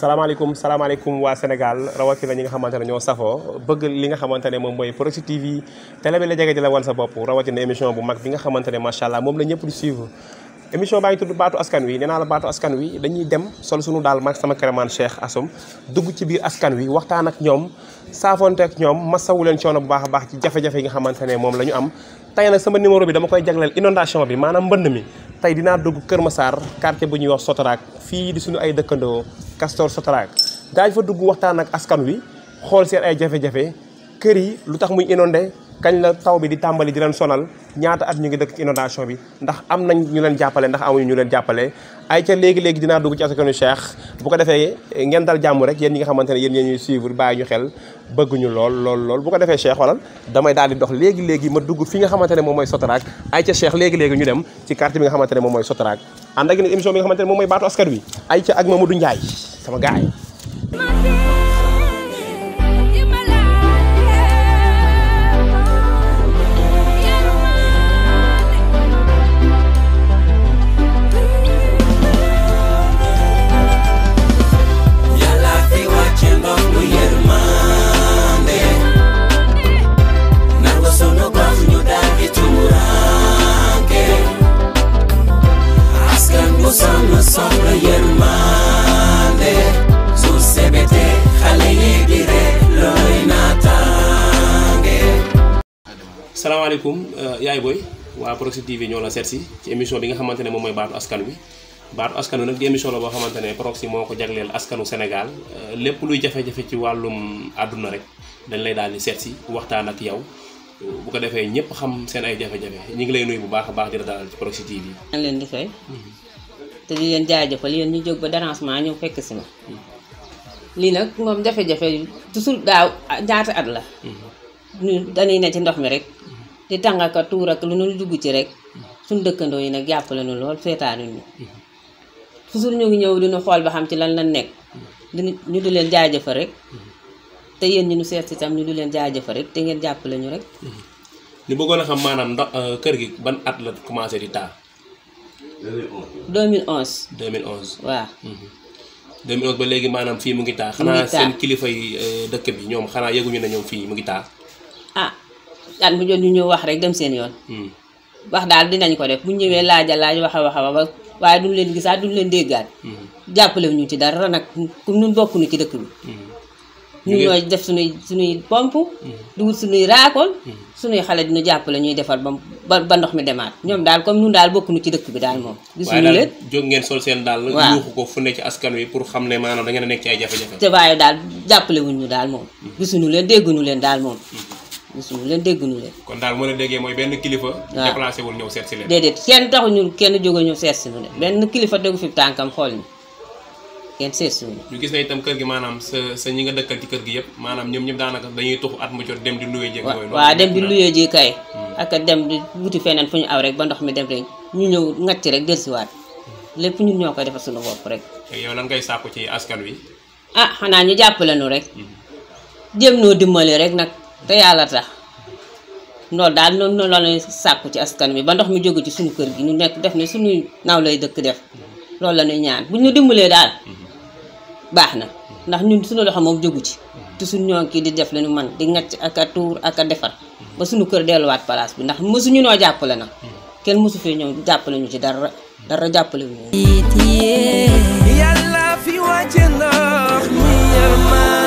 salaamaaleykum salaamaaleykum waa Sénégal rawatina ñi nga xamante ne ñoo safo bëgg li nga xamante ne moom mooy Proxi TV télé bi la jege di wan sa bopp rawatina émission bu mag bi nga xamante ne macha allah moom la ñëpp di suivre. émission baa ngi tudd baatu askan wi nee naa la baatu askan wi dañuy dem sol sunu daal mag sama kérémaan Cheikh Assome dugg ci biir askan wi waxtaan ak ñoom saafonte ak ñoom masawu leen coono bu baax a baax ci jafe-jafe yi nga xamante ne moom la am. tey nag sama numéro bi dama koy jagleel inondation bi maanaam mbënd mi tey dinaa dugg Kër Massar quartier bu ñuy wax Sotrac fii di suñu ay dëkkandoo Castor Sotrac daañu fa dugg waxtaan ak askan wi xool seen ay jafe-jafe kër yi lu tax muy inondé kañ la taw bi di tàmbali di leen sonal ñaata at ñu ngi dëkk ci bi ndax am nañ ñu leen jàppale ndax amuñu ñu leen jàppale ay ca léegi-léegi dinaa dugg ci askanu Cheikh bu ko defee ngeen dal jàmm rek yéen ñi nga xamante ne yéen ñee ñuy suivre bàyyi ñu xel bëgguñu lool lool lool bu ko defee Cheikh wala damay daal dox léegi-léegi ma dugg fi nga xamante ne moom mooy Sotrac ay ca Cheikh léegi-léegi ñu dem ci quartier bi nga xamante moom mooy Sotrac ànd ak émission bi nga xamante ne moom mooy baatu askan wi ay ca ak Mamadou ay boy wa Proxy TV ñoo la sersi ci émission bi nga xamantene mooy baatu askan wi baatu askan nak di émission la bo xamantene Proxy moko jaglél ko askanu Sénégal euh, lépp luy jafe-jafe ci walum aduna rek dañ lay daal di sersi waxtaan ak yow bu ko défé ñepp xam seen ay jafe-jafe ñi ngi lay nuyu bu baax baax di daal ci Proxy TV. maa leen di fay. Mhm. te di leen jaajëfal yéen ñu jog ba dérangement ñu fekk ci ma. li nak moom jafe-jafe tusul daaw ñaata at la. Mhm. ñu dañuy ne ci ndox mi rek. di tànga ka tuur ak lu nu dugg ci rek suñ dëkkandoo yi nag jàppale nu lool seetaanuñ ñu toujours ñu ngi ñëw dina xool ba xam ci lan lan nekk dina ñu di leen jaajëfa rek te yéen ñi ñu seet si tam ñu di leen jaajëfa rek te ngeen jàppale ñu rek li bëggoon a xam maanaam ndox euh, kër gi ban at la commencé di taa taal 2011 2011 waaw 2011 mm-hmm. ba léegi maanaam fii mu ngi taa xanaa seen kilifa yi euh, dëkk bi ñoom xanaa yëguñu ne ñoom fii mu ngi taa ah at mu jot ñu ñëw wax rek dem seen yoon hmm. wax daal dinañ ko def bu ñëwee laaja laaj wax a wax a wax waaye duñ leen gisaat duñ leen déggaat hmm. jàppale ñu ci dara nag comme ñun bokk ci dëkk bi hmm. ñu ñooy def suñuy suñuy pomp di wut suñuy raakool suñuy xale dina jàppale ñuy defar ba ba ndox mi demaat ñoom daal comme ñun daal bokk nu ci dëkk bi daal moom gisuñu leen jóg ngeen seen daal yuuxu ko fu ne ci askan wi pour xam ne maanaam da ngeen a nekk ci ay jafe-jafe te waaye daal jàppale wuñ ñu daal moom gisuñu leen dégguñu leen daal moom gisuñu leen dégguñu leen. kon daal mën a déggee mooy benn kilifa. Ah. waaw ñëw seet si leen. déedéet kenn taxu ñun kenn jóge ñëw seet si ñu ne benn kilifa déggu fi tànkam xool ñu kenn seet si ñu gis na itam kër gi maanaam sa sa ñi nga dëkkal ci kër gi yëpp maanaam ñoom ñëpp daanaka dañuy tuxu at mu jot dem di luyee ji. waaw dem di luyee ji kay. Hmm. ak dem di wuti feneen fu ñu aw rek ba ndox mi dem rek ñu ñëw ngacc rek dellusiwaat lépp ñun ñoo ko defal suñu bopp rek. yow la ngay sàkku ci askan wi. ah xanaa ñu jàppale nu rek. Hmm. jéem noo dimbali rek nag te yàlla tax dal daal noonu la ñuy ci askan bi ba ndox mi joggu ci suñu kër gi ñu nekk def ne suñu naw lay dëkk def lool la ñuy ñaan buñ ñu dimbalee daal baax ndax ñun suñu loxo moom joggu ci tu suñu ñoo kii di def lañu man di ngacc ak a tuur ak a defar ba suñu kër wat place bi ndax mësuñu noo jàppale nak kenn mësu fi ñew jàppale ñu ci dara dara jàppale ñu yalla fi wàcce ndox mi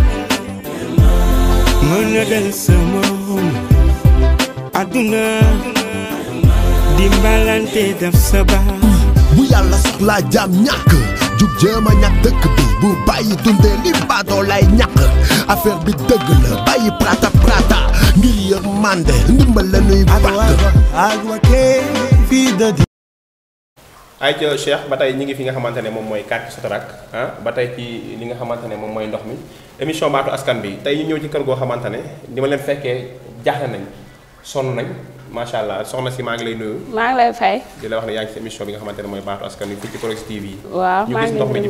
Mana dan semua Aduna Dimbalan tidak sabar are sekolah pelajar nyaka Jogja banyak dëkk bi bu bàyyi dundee li baadoo lay ñàkk bi dëgg bayi prata prata ngir yërmande ndimbal la nuy bàkk ay ca Cheikh ba tey ñi ngi fi nga xamante ne moom mooy quartier Sotrac ah ba tey ci li nga xamante ne moom mooy ndox mi émission baatu askan bi tey ñu ñëw ci kër goo xamante ne ni ma leen fekkee jaaxle nañ sonn nañ macha allah soxna si maa ngi maa ngi lay fay. di la wax ne xamante ne mooy baatu askan wi fii ci Proxi TV. waaw maa ngi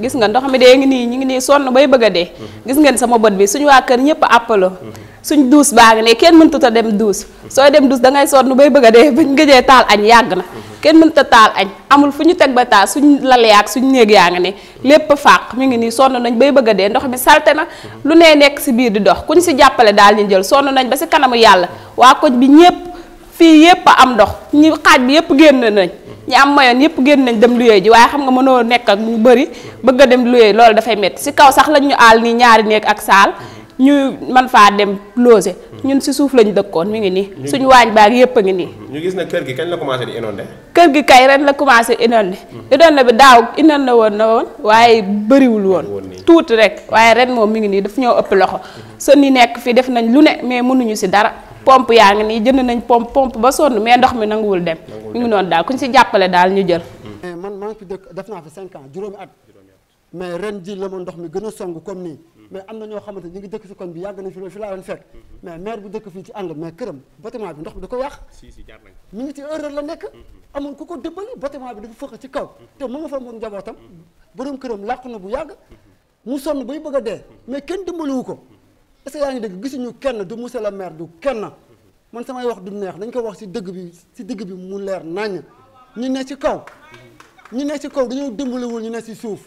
gis nga ndox mi de ngi nii ñu ngi nii sonn bay bëgg a dee. Mhm. gis ngeen sama bët bi suñu waa kër ñëpp appalo mhm. suñ duus baa ngi ne kenn mënut a dem duus sooy dem duus dangay ngay sonn bay bëgg a dee bañ gëjee taal añ yàgg na kenn mënut a taal añ amul fu ñu teg ba taal suñ lal yaag suñ néeg yaa ngi ne lépp fàq mu ngi nii sonn nañ bay bëgg dee ndox mi salte na lu nee nekk si biir di dox ku ñu si jàppale daal ñu jël sonn nañ ba si kanamu yàlla waa koj bi ñëpp fii yëpp am ndox ñu xaaj bi yëpp génn nañ ñi am mayoon yëpp génn nañ dem luyee ji waaye xam nga mënoo nekk ak ñu bëri bëgg dem luyee loolu dafay métti si kaw sax lañ ñu aal nii ñaari néeg ak saal ñu man fa dem loger hmm. ñun ci souf lañ dëkkoon mi ngi ni hmm. suñ wañ baag yépp ngi ni hmm. ñu gis na kër gi kañ la commencé di inondé kër gi kay ren la commencé inondé inondé bi daaw inondé won na won waye waaye wul won tout rek waye ren moom mi ngi ni daf ñoo ëpp loxo sën ni nekk fi def nañ lu ne mais mënu ñu ci dara pompe yaa ngi nii jënd nañ pompe pompe ba sonn mais ndox mi nanguwul dem mi ngi non daal kuñ ci jappalé daal ñu jël eh, man maa fi dëkk def na fi 5 ans juróomi at mais ren ji la ma ndox mi gëna a song comme ni mais amna na ñoo xamante ñu ngi dëkk si kon bi yag na fi loolu fi la won fekk mais maire bu dëkk fi ci ànd mais kërëm bâtiment bi ndox bi da ko wax si si jaar nañ mi ngi ci erreur la nekk amoon ku ko dëbbali bâtiment bi dafa fëq ci kaw te mo nga fa mo njabootam borom kërëm laq na bu yag mu sonn bay bëgg dé mais kenn dimbaliwu ko est-ce que yaa ngi dégg gisuñu kenn du monsieur le maire du kenn man sama wax du neex dañ ko wax ci dëgg bi ci dëgg bi mu leer nañ ñu ne ci kaw ñu ne ci kaw dañu dañoo dimbaliwul ñu ne ci suuf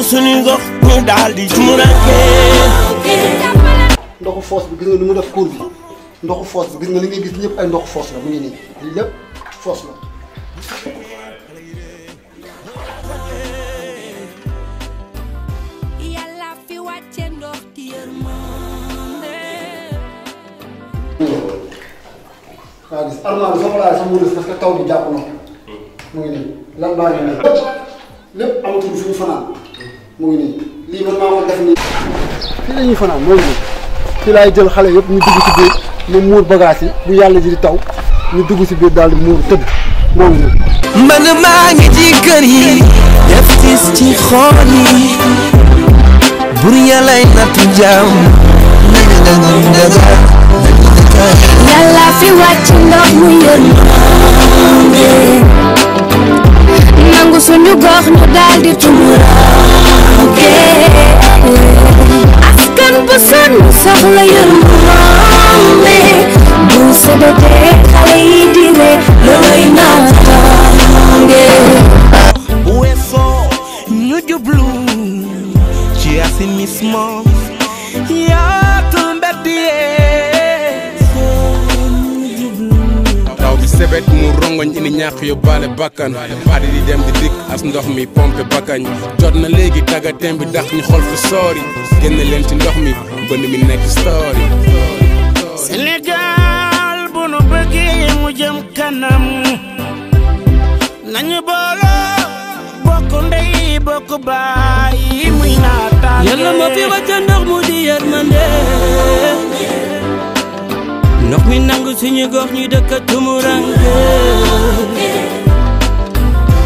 nangu suñuy gox ñu daal di tumuraanke ndoxu foos bi gis nga ni mu def cour bi ndoxu foos bi gis nga li ngay gis ñëpp ay ndoxu foos la mu ngi nii lépp foos la waaw gis armoire bi soo taw bi jàpp na mu ngi fanaan lii man maa ko nii. fii la fanaan mooy nii fii laay jël xale yëpp ñu dugg ci biir mu muur bagage bu yàlla ji di taw ñu dugg ci biir daal di muur tëdd moo ngi man maa ngi ci kër yi def tis ci xool yi bur yàllaay nattu jaam yàlla fi wàcc ndox mu yërmande nangu suñu gox ñu daal di Aşkın bu sen sallayırım hamle Bu sebebe kaydine Loyna tange Bu eso Nudu blue Ci asimismo Ya tumbe diye Taw bi sebet mu rongoñ ini ñàq yóbbaale bakkan badi di ndox mi pompe bakkañ jot na léegi xol fu soori génn leen mi bënn mi nok mi nangu suñu gox ñu dëkk tumuranke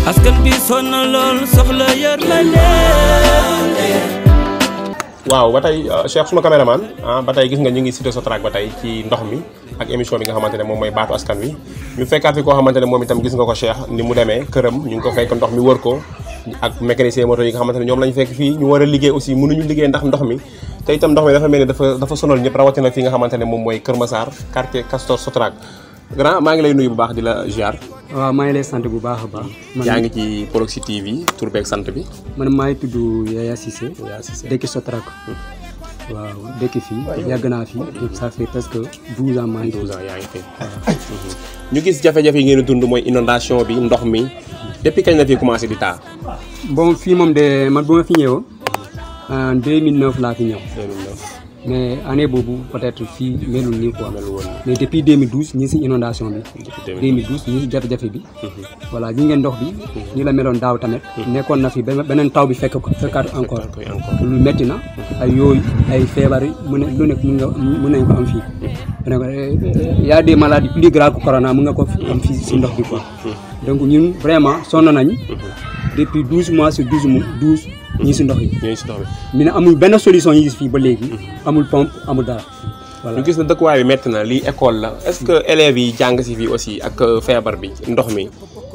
askan bi sonn lool soxla yar la waaw batay cheikh suma cameraman ah batay gis nga ñu ngi cité sotrak track batay ci ndox mi ak émission bi nga xamantene mom moy baatu askan wi ñu fekkati ko xamantene mom itam gis nga ko cheikh ni mu démé kërëm ñu ko fekk ndox mi wër ko ak mécanicien moto yi nga xamantene ñom lañu fekk fi ñu wara a liggéey aussi ñu liggéey ndax ndox mi te itam ndox mi dafa mel ni dafa dafa sonal ñëpp rawatina fi nga xamante ne moom mooy Kër Massar quartier Castor Sotrac grand maa ngi lay nuyu bu baax di la ziar. waaw maa ngi lay sant bu baax a baax. yaa ngi ci Proxi TV tur beeg sant bi. man maa ngi tudd Yaya Cissé. Yaya Cissé dëkk Sotrac. Hmm. waaw dëkk fii yàgg naa fi hmm. ça fait presque douze ans maa ngi. douze ans yaa ngi fi hmm. ñu gis jafe-jafe yi ngeen dund mooy inondation bi ndox mi depuis kañ la fi commencé di taa. bon fii moom de man bu ma fi ñëwoo. en 2009 laa fi ñëw. 2009 mais année boobu peut-être fii melul nii quoi. mais depuis 2012 ñi si inondation bi. depuis 2012 ñi si jafe-jafe bi. Mhm. voilà ñi ndox bi. Mhm. ñi la meloon daaw tamit. Mhm. nekkoon na fi beneen taw bi fekkaat encore. lu metti na ay yooyu ay feebar lu nekk mun nga mun nañ ko am fii. Eh, y a des maladies plus graves que corona nga ko am fii si ndox bi ko donc ñun vraiment sonn nañ. depuis 12 mois sur 12 mois ñu ngi si ndox yi ñu ngi si ndox bi mi ne amul benn solution ñu gis fii ba léegi amul pompe amul dara voilà gis na dëkkuwaay bi métti na lii école la est-ce que élèves yi jàng si fii aussi ak euh, feebar bi ndox mi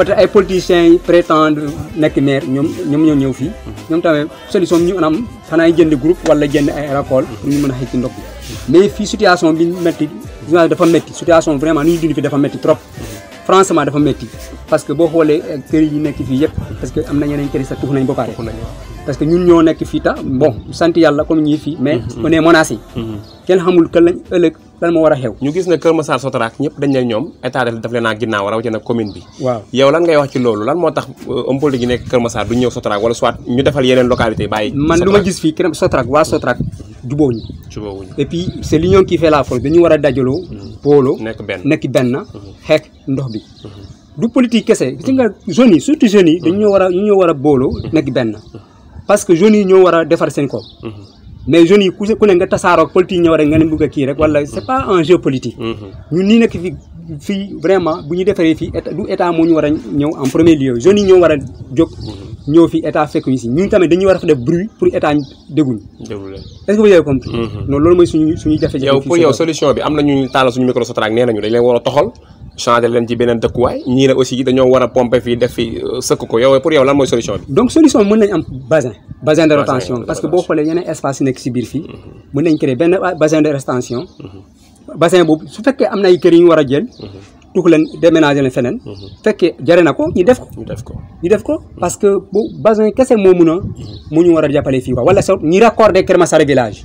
peut-être ay politiciens nekk maire ñoom ñoo ñëw fii. Mhm. ñoom tamit solution ñu am xanaa jënd groupe a xëy ci ndox mi mais fii situation bi métti dafa métti situation vraiment ni dafa métti parce que boo xoolee eh, kër nekk fii yëpp parce que am na yeneen kër yi sax nañ ba parce que ñun ñoo nekk fii ta bon sant yàlla comme ñii fii. mais mhm. on est mhm. kenn xamul kan ëllëg. lan moo war a xew ñu gis ne Kër Massar Sotrac ñëpp dañ ne ñoom état daf leen a ginnaaw rawatina commune bi waaw yow lan ngay wax ci loolu lan moo tax euh, homme politique yi nekk Kër Massar du ñëw Sotrac wala soit ñu ma gis fii Kër Sotrac waa Sotrac jubóo ñu jubóo ñu et puis c'est l'union war a dajaloo hmm. booloo nekk benn nekk benn hmm. ndox bi hmm. du politique kese gis nga jeunes yi surtout jeunes yi dañu ñoo war a ñu ñoo war a booloo nekk benn parce que jeunes yi ñoo war a defar seen ko mais je yi ku si ku ne nga tasaaroog politique ñëw rek nga ne bëgg rek wala c'est pas un jeu politique. ñun mm-hmm. nii nekk fi fii vraiment buñu ñu fi état du état mo ñu wara ñew en premier lieu jeunes yi ñoo war a jóg. Mm-hmm. fi état fekk ñu si ñun tamit dañuy wara def bruit pour état dégguñu. déglu est-ce que vous avez compris. Mm-hmm. non loolu mooy suñu suñu jafé jafe yow pour yow solution bi amna ñu tàllal suñu micro Sotrac nee nañu dañ leen wara a toxal. Changer leen ci de aussi pour solution donc solution bi bassin. bassin mhm. de rétention, mhm. mhm. parce que beaucoup les un espace yi vous avez un bassin de rétention. bassin boobu su fait am kër tout déménager là-bas, il na parce que bassin qu'est-ce a. mu ñu war a jàppale wala ni raccorder village.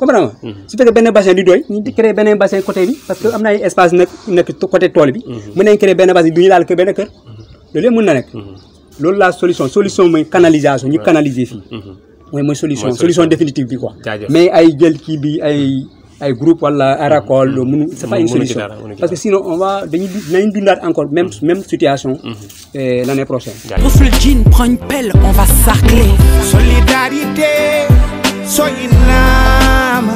comprendre nga mhm. su fekkee benn bassin du doy ñu créer benn bassin côté bi parce que am na espace nag nekk côté tool bi mhm. mën nañ créer benn bassin du ñu laal que benn kër mhm. loolu yëpp mën na nekk loolu la solution solution mooy canalisation ñu canaliser fii mooy mooy solution solution définitive bi quoi mais ay jël kii bi ay ay groupe wala ay raccord loolu mënu c'est pas une solution parce que sinon on va dañu nañu dundaat encore même même situation euh, l'année prochaine Roufle Jean prend une pelle on va sarcler solidarité so inama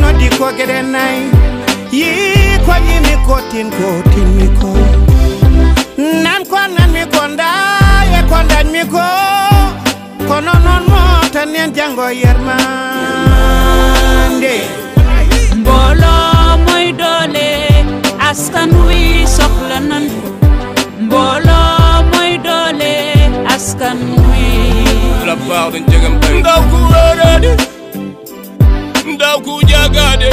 noddi ko gueɗe nayyi yii koyimi kotin kotinmi ko nan ko nanmi ko ndaye ko dañmi ko kono noon motan en janggo yermande mbolo moy doole askan wi sohla nan mbolo moy doole askan fauden jegam ndaw ku wéeree ndaw ku jagaade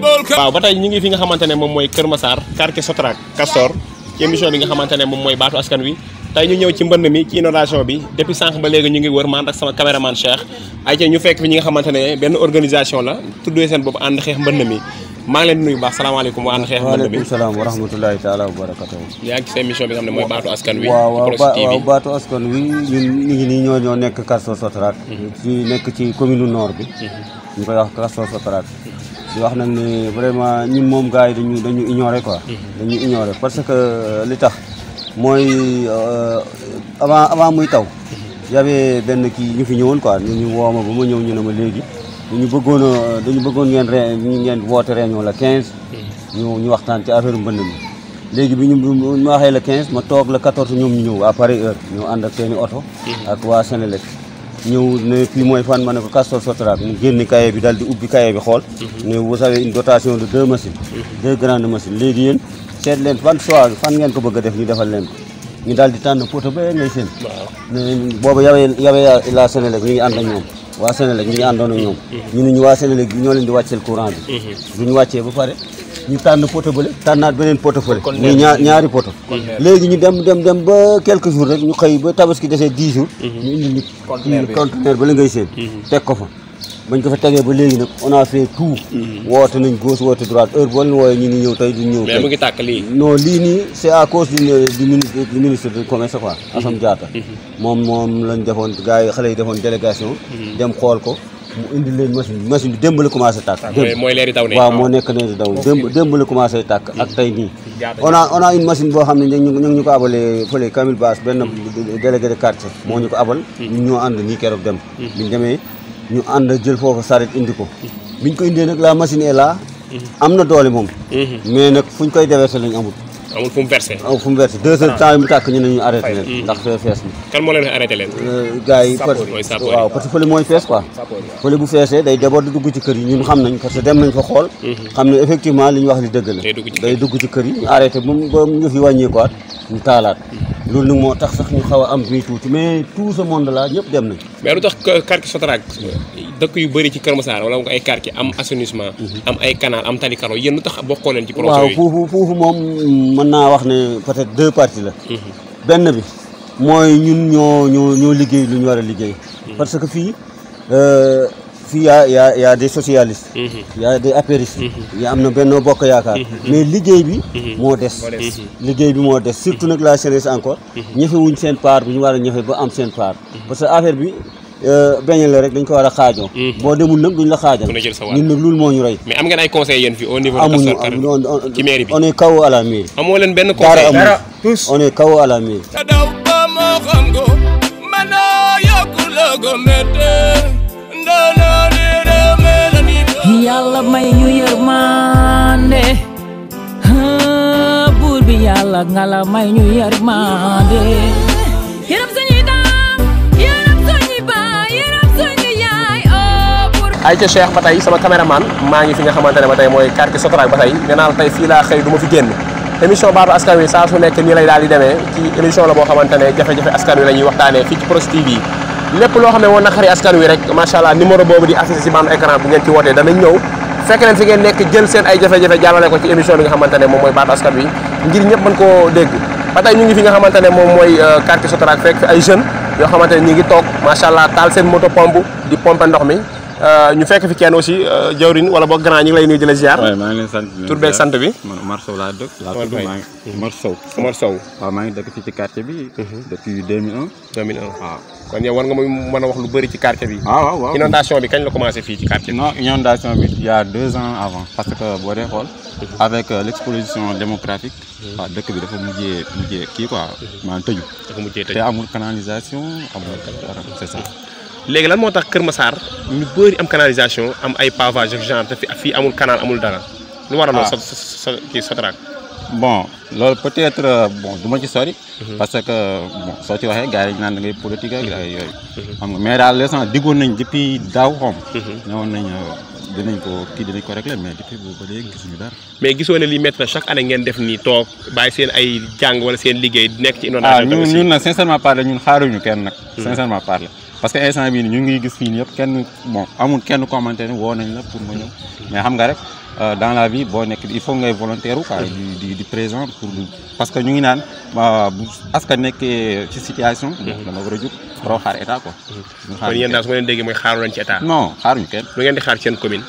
waaw ba tey ngi fi nga xamante ne moom mooy Massar quartier Sotrac Castor ci émission bi nga baatu askan wi tey ñu ñëw ci mbënd mi ci inondation bi depuis sànq ba léegi ñu ngi wër man ak sama caméraman Cheikh ay ñu fekk fi ñi nga xamante ne benn organisation la tuddee seen bopp ànd xeex mbënd mi maa ngi leen di nuyu baax salaamaaleykum wa ànd xeex mbënd mi waaleykum salaam wa rahmatulahi taala nii ñoo ñoo nekk Castors Sotrac ci mhm. nekk ci commune nord bi mhm. ñu koy wax Castors Sotrac di wax nag ne vraiment ñun moom gars yi dañu dañu ignoré quoi mhm. dañu ignoré parce que euh, li tax mooy euh, avant avant muy taw y avait benn kii ñu fi ñëwoon quoi ñu woo ma ba ma ñëw ñu ne ma léegi ñu bëggoon dañu bëggoon ngeen re ngeen woote réunion la 15. ñu ñu waxtaan ci affaire mbënd mi. léegi bi ñu mu waxee la 15 ma toog la 14 ñoom ñu ñëw à heure ñu ànd ak seen i oto. ak waa Sénélec. ñëw ne fii mooy fan ma ne ko Castor Sotrac mu génn cahier bi daal di ubbi cahier bi xool. ne vous avez une dotation de deux machines. deux grandes machines léegi yéen. seet leen fan choix fan ngeen ko bëgg a def ñu defal leen ko ñu daal di tànn poto ba ngay seen boobu yawee yawee la Sénélec mhm. ñu ngi ñu ñu ñu waa Sénélec ñoo leen di bi mhm. ñu wàccee ba pare ñu tànn poto bële tànnaat beneen poto fële muy ñaari poto léegi ñu dem dem dem ba quelques jours rek ñu xëy ba tabaski desee dix jours mhm. ñu indi conteneur ba la ngay seen teg ko fa bañ ko fa tegee ba léegi nag on a fait tout. Mhm. woote nañ gauche woote droite heure boo leen wooyee ngi ñëw tey duñ ñëw. tey mais mu ngi lii. nii c' à cause du du ministre du ministre du commerce quoi. Mhm. Mhm. moom moom lañ defoon gars yi xale yi defoon délégation. dem xool ko. mu indi leen machine bi machine bi démb la ah, moo ah. nekk leer daw démb démb la commencé tàkk ak tey nii. on a on machine boo xam ne ñu ngi ñu ko abalee fële Camille Bass benn délégué de quartier. moo ñu ko abal. ñu ñoo ànd nii keroog dem. biñ demee. ñu ànd jël foofu saret indi ko biñ ko indee nag la machine est là am na doole moom mais nag fuñ koy déverser lañ amul amul fu mu versé amul fu mu versé deux heures ah. temps yi mu tàkk ñu ne ñu arrêté leen hmm. ndax fee fees na kan moo leen arrêté leen euh, gars yi parce fële mooy fees quoi fële bu feesee day déborde dugg ci kër yi ñun xam nañ parce que dem nañ fa xool hmm. xam ne effectivement li ñu wax li dëgg la day dugg ci kër yi ñu arrêté ba mu ba ñu fi wàññeekuwaat ñu loolu nag moo tax sax ñu xaw a am fii tuuti mais tout ce monde là ñëpp dem nañ. mais lu tax quartier Sotrac dëkk yu bëri ci Kër Massar wala ay quartier am assainissement. Mhm. am ay canal am tali karo yéen lu tax bokkoo leen ci projet waaw foofu moom mën naa wax ne peut-être deux parties la. Mhm. benn bi mooy ñun ñoo ñoo ñoo liggéey lu ñu war a liggéey. Mhm. parce que fii. Euh, fii yaa yaa yaa mhm. yaa des apéristes mhm. yaa am na benn Bokk Yaakaar mhm. mais liggéey bi moo des liggéey bi moo des surtout nag la jeunesse encore ñëfewuñ seen part bu ñu war a ñëfe ba am seen part parce que affaire bi euh, beñal la rek dañ ko war a xaajoo boo demul nag duñ la xaajal ñun nag loolu moo ñu rey mais am ngeen ay conseil yéen fii au niveau amuñu ci mairie bi on est kaw à la mairie amoo leen benn conseil dara tous on kaw a la mairie yàlla may ñu yërmande buur bi may ñu yërmande yërëm yaay oh, ay ca Cheikh ba tey sama caméraman maa ngi fi nga xamante ne ba tey mooy quartier Sotrac ba tey nee naa la tey fii laa xëy du ma fi génn émission Baatu Askan Wi saa su nekk nii lay daal di demee ci émission la boo xamante ne jafe-jafe askan wi la ñuy waxtaanee fii ci Proxi TV lepp lo xam ne moo askan wi rek macha allah numéro bobu di affiché ci bande écran bu ngeen ci wootee danañ ñëw fekk leen fi ngeen nek jël seen ay jafé jafé jàllale ko ci émission bi nga xamante mom moy bande askan wi ngir ñëpp mën ko dégg ba tey ñu ngi fi nga xamante mom moy euh, quartier sotrak fekk ay jeune yo xamante ñi ñu ngi toog macha allah taal seen moto pompe di pompe ndox mi euh, ñu fekk fi kenn aussi euh, jawrin wala boog grand ñi ngi lay nuyu jël ziar. way ma ngi leen sant tour beeg sant bi. Mar la laa dëkk. laa tudd maa ngi Mar Sow. wa ma ngi dëkk ci ci quartier bi. Mhm. depuis 2001. 2001 waaw. kon yow war nga muy mën a wax lu bëri ci quartier bi. Ah, waaw waaw inondation bi kañ la commencé fii ci quartier bi. non inondation bi il y a deux ans avant parce que boo dee xool. avec euh, l' explosion démographique. Hmm. waaw dëkk bi dafa mujjee mujjee kii quoi maanaam tëju. dafa mujjee tëju te amul canalisation amul dara c' est ça. léegi lan moo tax Kër Massar ñu bëri am canalisation am ay pavage ak genre te fii amul canal amul dara. lu waraloon ah. sa sa sa kii Sotrac. bon loolu peut-être euh, bon du ma ci sori. Mhm. parce que bon soo ci waxee gars yi naan da ngay politique ak yooyu. Mhm. xam nga mais daal l'instant diggoon nañ depuis daaw xom. Mhm. ñëwoon nañ euh, dinañ ko kii dinañ ko régler mais depuis boobu ba léegi gisuñu dara. mais gisoo ne lii métti na chaque ngeen def nii toog bàyyi seen ay jàng wala seen liggéey nekk ci inondation. ah ñun ñun nag sincèrement parler ñun xaaruñu kenn nag. sincèrement parler. parce que instant bi ni ñu ngi gis fii nii yëpp kenn bon amul kenn commentaire woo nañ la pour ma ñëw mais xam nga rek euh, dans la vie boo nekk il faut ngay volontaire quoi di di di présent pour parce que ñu ngi naan euh, bu askan nekkee ci situation. Mhm. dama war a jóg roo xaar état quoi. Mhm. ñu xaar kon yéen daal su ma leen déggee mooy xaaru leen ci état. non xaaruñu kenn. lu ngeen di xaar seen commune.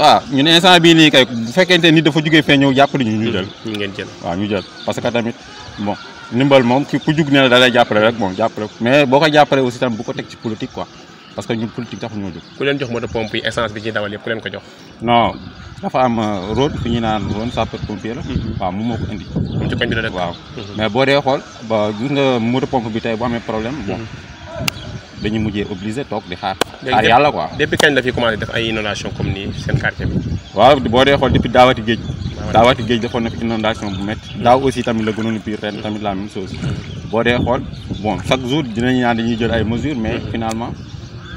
waaw ah, ñun instant bii nii kay bu fekkente ni dafa jugee fee ñëw jàppale ñu ñu jël. ñu mhm. ngeen jël waaw ñu jël parce que tamit bon. ndimbal moom ki ku jug ne la da lay jàppale rek bon jàppale mais boo ko jàppale aussi tam bu ko teg ci politique quoi parce que ñun politique taxul ñoo jóg. ku leen jox moto pompe yi essence bi ci dawal yëpp ko euh, mm-hmm. mm-hmm. mais boo dee xool moto pompe bi tey bu amee problème bon. Mm-hmm. mujjee obligé toog di xaar. xaar yàlla quoi la fi commencé def ay inondation comme nii seen quartier daawaati géej defoon na fi inondation bu métti daaw aussi tamit la gënoon pire ren tamit la même chose boo dee xool bon chaque jour dinañ naan dañuy jël ay mesures mais finalement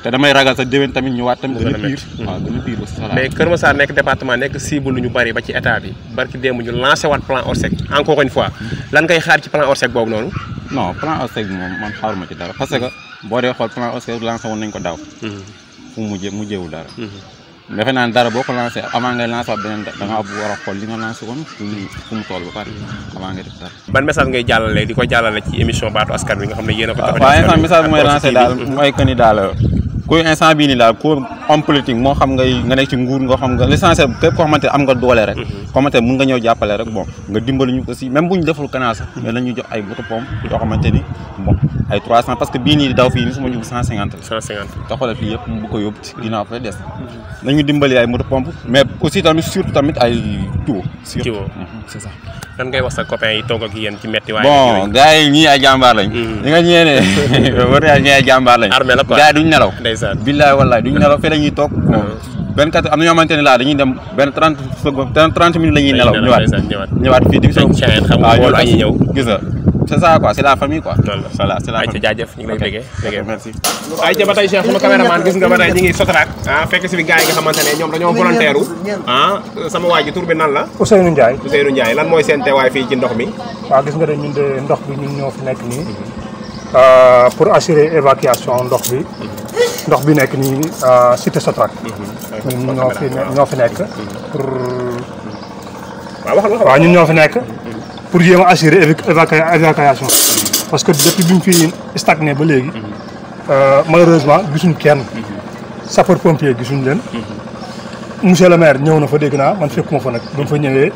te damay ragal sa déwén tamit ñëwaat tamit gën a pire waaw gën a pire aussi mais Kër Massar nekk département nekk cible lu ñu bari ba ci état bi barki démb ñu lancé waat plan Orsec encore une fois lan ngay xaar ci plan Orsec boobu noonu non plan Orsec bi moom man que mm-hmm. boo dee xool plan ko daaw mm-hmm. fu mujjee defe naa ne dara boo ko lancé avant ngay lancé waat beneen da ngaa nga lancé woon fu mu fu mu toll ba pare avant ngay def dara ban message di ko jàllale ci émission baatu askan wi nga xam ne yéen a ko waaw instant message bi mooy lancé daal mooy que kuy instant bii nii daal ku homme politique moo xam ngay nga nekk ci nguur nga xam nga l'essentiel képp koo xamante am nga doole rek mhm. koo xamante mun nga ñëw jàppale rek bon nga dimbali ñu aussi même bu ñu deful canal sax mais nañu jox ay moto pompe yoo su ma jub 150 aussi tamit surtout tamit ay tuyau surtout mhm, kan ngay wax sa copain toog ak yéen ci metti waaye bon gars yi ñii ay jàmbaar lañ ñi mm-hmm. nga ñee ne war ñii ay jàmbaar lañ la quoi gars yi duñ nelaw ndeysaan billaay wallaay nelaw fee dañuy toog benn kat mm-hmm. am na ñoo xamante ne laa dañuy dem benn trente secondes trente minutes la ñuy nelaw ñëwaat ñëwaat fii di ah, waaw ñëw gis nga c'est ça quoi c'est la famille quoi. voilà c'est la famille. ayca jaajëf ñu ngi lay déggee déggee merci. ayca ba tey Cheikh sama gis nga ba tey ngi sotaraat. Ah, fekk si fi gars yi nga xamante ne ñoom volontaire u ah sama waa ji tur nan la. Ousseynou Ndiaye. Ousseynou Ndiaye lan mooy seen teewaay fii ci ndox mi. waaw gis nga de ñun de ndox bi ñun ñoo nekk nii mhm. ah, pour assurer évacuation ndox bi. Mhm. ndox bi nekk nii ah, cité Sotrac. Mhm. ñun ñoo nekk pour. waaw ñun ñoo nekk. pour assurer l'évacuation. parce que depuis que fi stagné mhm. euh, malheureusement mhm. mhm. le maire na fait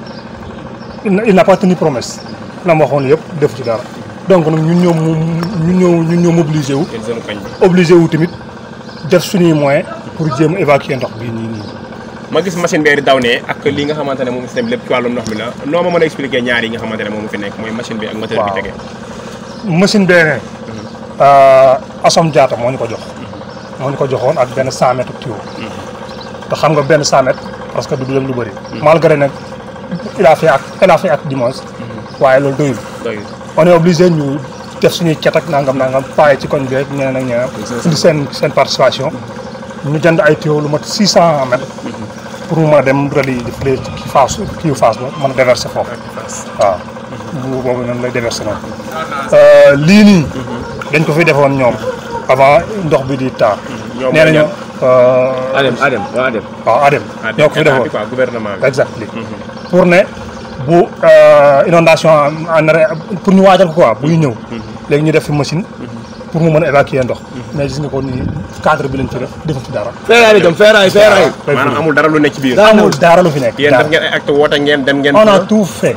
il n'a pas tenu promesse la donc nous ñun nous nous nous ñun obligé pour évacuer ma gis machine bee daw ne ak lii nga xamante ne moom système bi lépp ci wàllum ndox mi la noo mën a expliquer ñaar yi nga xamante ne moom fi nekk mooy machine bi ak moteur bi tege machine bee mhm. euh, ne asom jaata moo ñu ko jox mhm. moo ñu ko joxoon ak benn 100 mètres tuyau mhm. te xam nga benn 100 parce que du dul lu bëri malgré nag il a ak il a ak dimanche waaye loolu doyul on est obligé ñu def suñuy cet ak nangam nangam paye ci koñ bi rek ñeneen seen seen participation ñu jand ay tuyau lu mat six cent mètres. pour mu mën a dem reli di fële kii faas kii faas ba a déverser boobu noonu lay déverser euh, lii nii. dañ ko fi defoon ñoom avant ndox bi di taa. ñoom nee nañu. Adem euh, Adem waaw Adem. waaw Adem ñoo ko fi defoon gouvernement bi exactement mhm. pour ne bu euh, inondation en pour ñu waajal ko quoi bu ñëw. Mhm. léegi ñu def fi machine. Mhm. pour mu mën évacuer ndox. mais gis nga ko ni cadre dara. feeraay la jëm lu fi nekk. yéen def ngeen dem ngeen. on a tout fait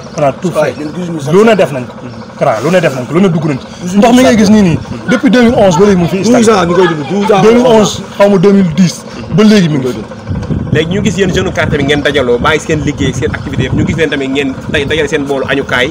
ndox mi ngay gis nii nii. Mm-hmm. depuis 2011 ba léegi mu fi. 12 ans ñu koy dund 12 ans 2011 mm-hmm. ba léegi mi ngi koy dund. gis yéen jeune quartier bi ngeen dajaloo bàyyi seen liggéey seen activité yëpp ñu gis leen tamit ngeen dajale seen boolu añukaay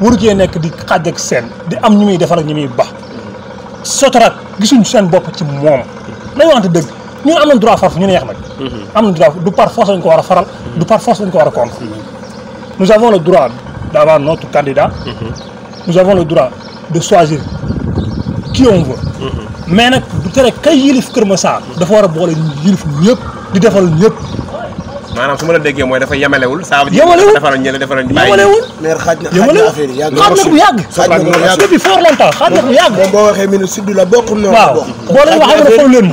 waru nek di xàjj ak seen di am ñu muy defar ak ñu muy baax sotarak gisun sen bopp ci mom lay wante deug ñu am nañ droit far ñu neex nag mhm. am nañ droit du par force lañ ko wara faral du par force lañ ko wara a mhm. nous avons le droit d'avoir notre candidat mhm. nous avons le droit de choisir qui on veut mais nak du tere kay yilif Kër Massar dafa wara bolé boole yilif ñëpp di defal ñëpp maanaam su ma la déggee mooy dafa yemalewul saa yemalewul defaroon ñële defaroon bàyyi yemalewul maire xaaj na xaaj na affaire yi yàgg xaaj na bu yàgg xaaj na bu yàgg depuis fort longtemps xaaj na bu yàgg moom boo waxee minu sud la bokk noonu waaw boo leen waxee nga dafa lënd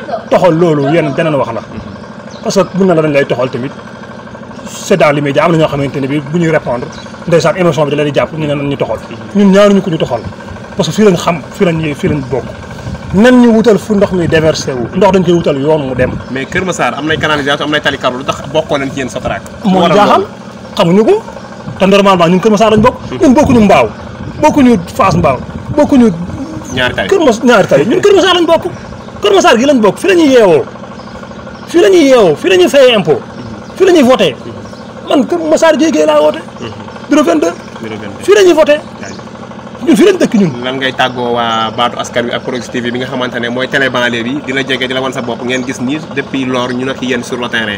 toxal loolu yenn beneen wax la parce que mën na la dañ lay toxal tamit c'est dans l'immédiat am na ñoo xamante ne bi bu ñuy répondre ndeysaan émotion bi da leen di jàpp ñu ne nan ñu toxal ñun ñaanuñu ko ñu toxal parce que fii lañ xam fii lañ fii lañ bokk nan ñu wutal fu ndox mi déversé wu ndox dañ koy wutal yoon mu dem mais Kër Massar am nay canalisation am nay tali kablo lu tax bokkoo leen ci yéen Sotrac moo jaaxal xamuñu ko te normalement ñun Kër Massar lañ bokk ñun bokkuñu mbaaw bokkuñu Fass mbaaw bokkuñu ñaari tali Kër Massar ñaari tali ñun Kër Massar lañ bokk Kër Massar gi lañ bok fi lañuy ñuy fi lañuy ñuy fi lañuy fay impôt fi lañuy voter man Kër Massar jéegee laa woote. bureau 22. bureau 22 fi lañuy voter ñu fi lañ dëkk ñun. lan ngay taggo wa baatu askar bi ak projet TV bi nga xamantene moy télé banlieue bi di la dila won sa bop ngeen gis ni depuis lor ñu nak yeen sur le terrain.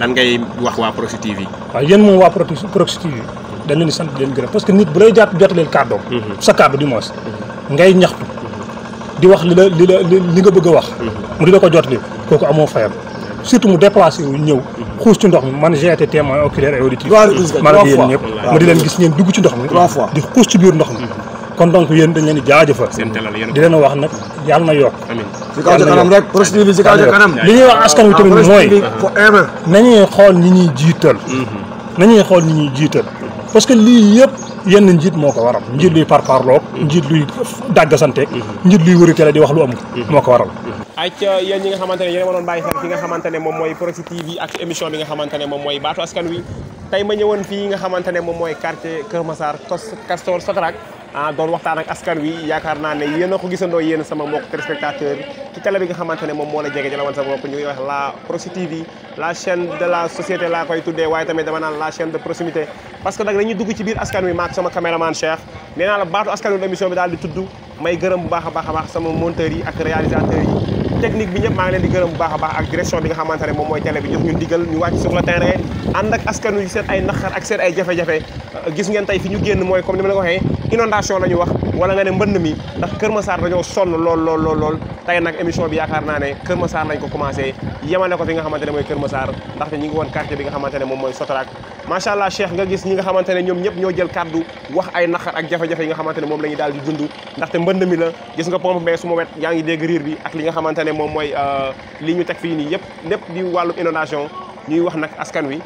lan ngay wax wa projet TV. wa yeen mo wa projet TV dañ leen sant di leen gërëm parce que nit bu lay jatt jot cadeau sa cadeau du moins. Mhm. ngay ñaxtu. di wax li la li nga bëgg a wax. Mhm. mu di la ko jot li kooku amoo fayam. surtout mu déplacé wu ñëw. Mhm. xuus ci ndox mi man j'ai été témoin oculaire et ma di yéen ñëpp ma di leen gis ngeen dugg ci ndox mi. di xuus ci biir ndox mi. Mhm. kon donc yéen dañ leen di jaajëfal. di leen wax nag yàlla na yokk. ci kaw ca kanam rek procédure bi ci kaw ca kanam. li ñuy wax askan wi tamit ah, mooy. nañuy xool ñi ñuy jiital. nañuy xool ñi ñuy jiital parce que lii yëpp. yenn njit moko waral njit luy parparloog njit luy dàggasanteeg njit luy wërite la di wax lu am moko ko waral ayca yeen ñi nga xamantene ne yéen baye doon bàyyi xel fi nga xamantene mom moy proxy TV ak émission bi nga xamantene mom moy batu askan wi tay ma ñewon fi nga xamantene mom moy quartier keur Massar Castor Sotrac ah doon waxtaan ak askan wi yaakaar naa ne yéen a ko gisandoo yéen sama mbokk téléspectateur ci télé bi nga xamante ne moom moo la jege jëla woon sa bopp ñu ngi wax la Proxi bi a a a baax ak direction bi nga xamante moom mooy télé bi jox ñu ndigal ñu wàcc sur le terrain ànd ak askan wi seen ay naqar ak seen ay jafe-jafe gis ngeen tey fi ñu génn mooy comme ni ma la ko waxee inondation la ñu wax wala nga ne mbënd mi ndax Kër Massar dañoo sonn lool lool lool lool tey nag émission bi yaakaar naa ne Kër Massar lañ ko commencé yemale ko fi nga xamante ne mooy Kër Massar ndaxte ñi ngi woon quartier bi ne moom mooy Sotrac macha allah Cheikh nga gis ñi nga xamante ne ñoom ñëpp ñoo jël kàddu wax ay naqar ak jafe-jafe yi nga xamante ne moom la ñuy daal di dund ndaxte mbënd mi la gis nga pompe bee su ma wet yaa ngi dégg riir bi ak li nga xamante ne moom mooy euh, li ñu teg fii nii yëpp lépp di wàllum inondation ñuy wax nag askan wi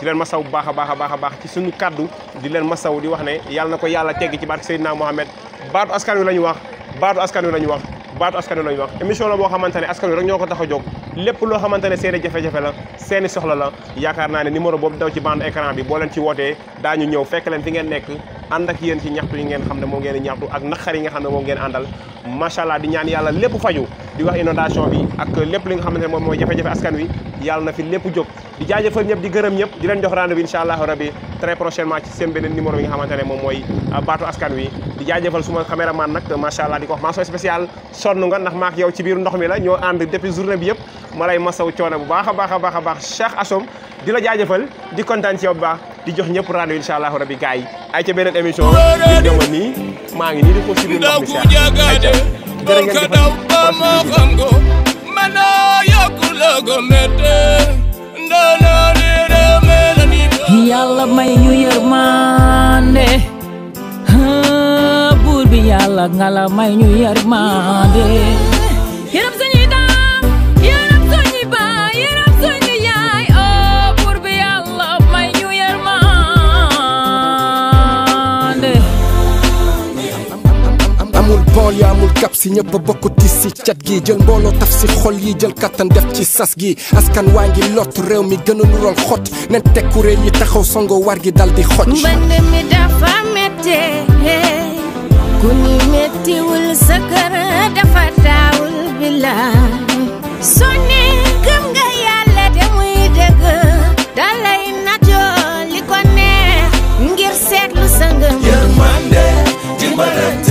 di leen masaw bu baax a baax a baax baax ci suñu kàddu di leen masaw di wax ne yàlla na ko yàlla tegg ci barke Seydina Mohamed baatu askan wi la ñu wax baatu askan wi la ñu wax baatu askan wi la ñu wax émission la boo xamante ne askan wi rek ñoo ko tax a jóg lépp loo xamante ne seen i jafe-jafe la seen soxla la yaakaar naa ne numéro boobu daw ci bande écran bi boo leen ci wootee daañu ñëw fekk leen fi ngeen nekk ànd ak yéen ci ñaxtu yi ngeen xam ne moo ngeen di ñaxtu ak naqar yi nga xam ne moom ngeen àndal macha allah di ñaan yàlla lépp faju di wax inondation bi ak lépp li nga xamante ne moom mooy jafe-jafe askan wi yàlla na fi lépp jóg di jaajëfal ñëpp di gërëm ñëpp di leen jox rendez-vous incha allah rabbi très prochainement ci seen beneen numéro bi nga xamante ne moom mooy euh, baatu askan wi di jaajëfal suma caméraman nag macha allah di ko wax mention spéciale sonn nga ndax maak yow ci biir ndox mi la ñoo ànd depuis journée bi ma lay masaw coono bu baax a baax a baax a baax Cheikh Assome di la jaajëfal di kontaan ci yow bu baax di jox ñëpp raadu incha allahu rabi gaay yi ay ca beneen émission di demoon nii maa ngi nii di ko si biir ndox mi Cheikh ay ca jërë ngeen jëfal yàlla may ñu yërmande buur bi yàlla nga la may ñu yërmande ya amul cap si ñepp bokku ti si chat gi jël mbolo taf si xol yi jël katan def ci sas gi askan wangi lot rew mi gëna nu rol xot ne tekku kuréel yi taxaw songo war gi dal di xoj mi dafa metti ku ni wul sa kër dafa tawul bila sonni gëm nga yalla de muy deug dalay najoo liko ne ngir setlu sa ngëm